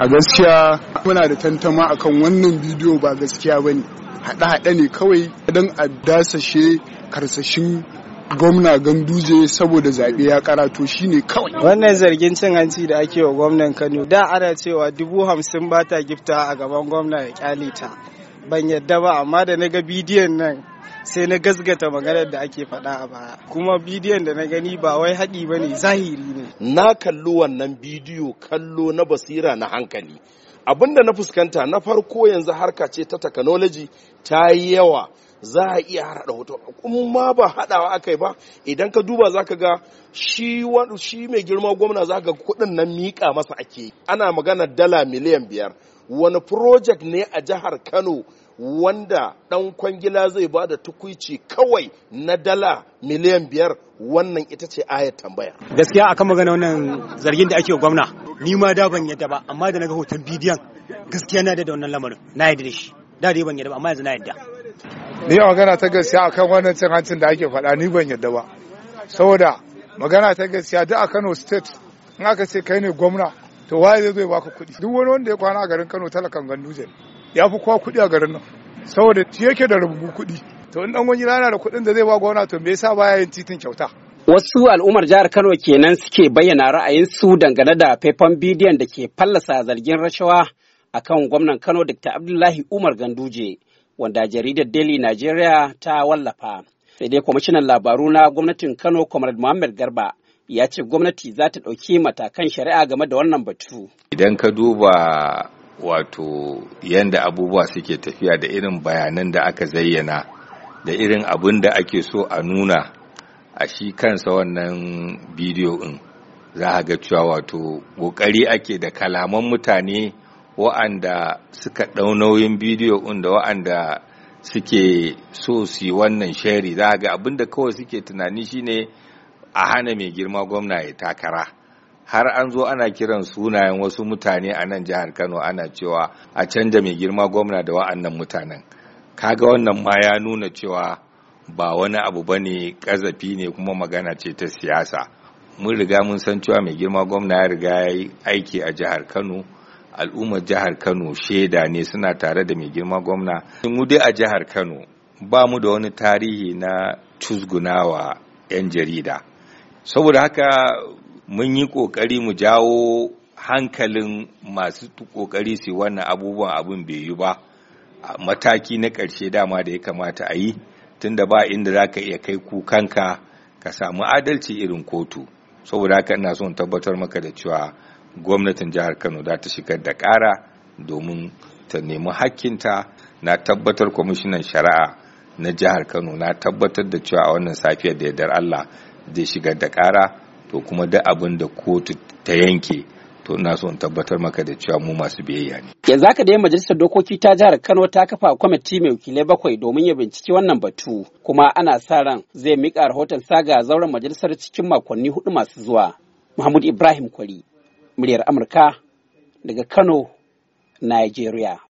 a gaskiya muna da tantama akan wannan bidiyo ba gaskiya ba ne haɗe-haɗe ne kawai don a dasashe karsashin gwamna ganduje saboda zaɓe ya karato shi ne kawai. Wannan zargin cin hanci da ake wa gwamnan Kano da ana cewa dubu hamsin ba ta gifta a gaban gwamna ya kyale ta. Ban yadda ba amma da na ga bidiyon nan sai na gasgata maganar da ake faɗa a baya kuma bidiyon da na gani ba wai haɗi ba ne zahiri ne na kalli wannan bidiyo kallo na basira na hankali abinda na fuskanta na farko yanzu harka ce ta technology ta yi yawa za a iya haɗa hoto kuma ba haɗawa akai ba idan ka duba za ka ga shi mai girma gwamna za ka kuɗin nan miƙa masa ake ana magana dala miliyan biyar wani project ne a jihar kano wanda ɗan kwangila zai ba da tukuici kawai na dala miliyan biyar wannan ita ce ayar tambaya. Gaskiya akan magana wannan zargin da ake gwamna ni ma da ban yadda ba amma da na ga hoton bidiyon gaskiya na da wannan lamarin na yadda da shi da dai ban yadda ba amma yanzu na yadda. Ni a magana ta gaskiya akan wannan cin hancin da ake faɗa ni ban yadda ba saboda magana ta gaskiya duk a Kano state in aka ce kai ne gwamna to waye zai baka kuɗi duk wani wanda ya kwana a garin Kano talakan gandu ne. ya fi kowa kuɗi a garin nan saboda shi yake da rubu kuɗi to in dan wani yana da kuɗin da zai ba gwamna to me yasa baya yin titin kyauta Wasu al'ummar jihar Kano kenan suke bayyana ra'ayin su dangane da faifan bidiyon da ke fallasa zargin rashawa akan gwamnan Kano Dr. Abdullahi Umar Ganduje wanda jaridar Daily Nigeria ta wallafa. Sai dai kwamishinan labaru na gwamnatin Kano Comrade Muhammad Garba ya ce gwamnati za ta ɗauki matakan shari'a game da wannan batu. Idan ka duba wato yanda abubuwa suke tafiya da irin bayanan da aka zayyana da irin abin da ake so a nuna a shi kansa wannan bidiyo in, za a ga cewa wato ƙoƙari ake da kalaman mutane wa'anda suka ɗau nauyin bidiyo in da wa'anda suke so su yi wannan shari za a ga abin da kawai suke tunani shine a hana mai girma gwamna ya takara. har an zo ana kiran sunayen wasu mutane a nan jihar Kano ana cewa a canja mai girma gwamna da wa'annan mutanen kaga wannan ma ya nuna cewa ba wani abu ba ne ƙazafi ne kuma magana ce ta siyasa mun riga mun san cewa mai girma gwamna ya riga ya yi aiki a jihar Kano al'ummar jihar Kano shaida ne suna tare da mai girma gwamna mu dai a jihar Kano ba mu da wani tarihi na cusgunawa 'yan jarida saboda haka mun yi ƙoƙari mu jawo hankalin masu ƙoƙari su wannan abubuwan abin bai yi ba mataki na ƙarshe dama da ya kamata a yi tun da ba inda za ka iya kai kukanka ka samu adalci irin kotu saboda haka ina son tabbatar maka da cewa gwamnatin jihar kano za ta shigar da ƙara domin ta nemi hakkinta na tabbatar kwamishinan shari'a na jihar kano na tabbatar da cewa a wannan safiyar da yardar allah zai shigar da ƙara to kuma da abin da kotu ta yanke to ina so in tabbatar maka da cewa mu masu biyayya ne. Yanzu haka dai majalisar dokoki ta jihar Kano ta kafa kwamiti mai wakilai bakwai domin ya binciki wannan batu kuma ana sa ran zai mika rahoton saga zauren majalisar cikin makonni hudu masu zuwa. Muhammad Ibrahim Kwari, muryar Amurka daga Kano, Nigeria.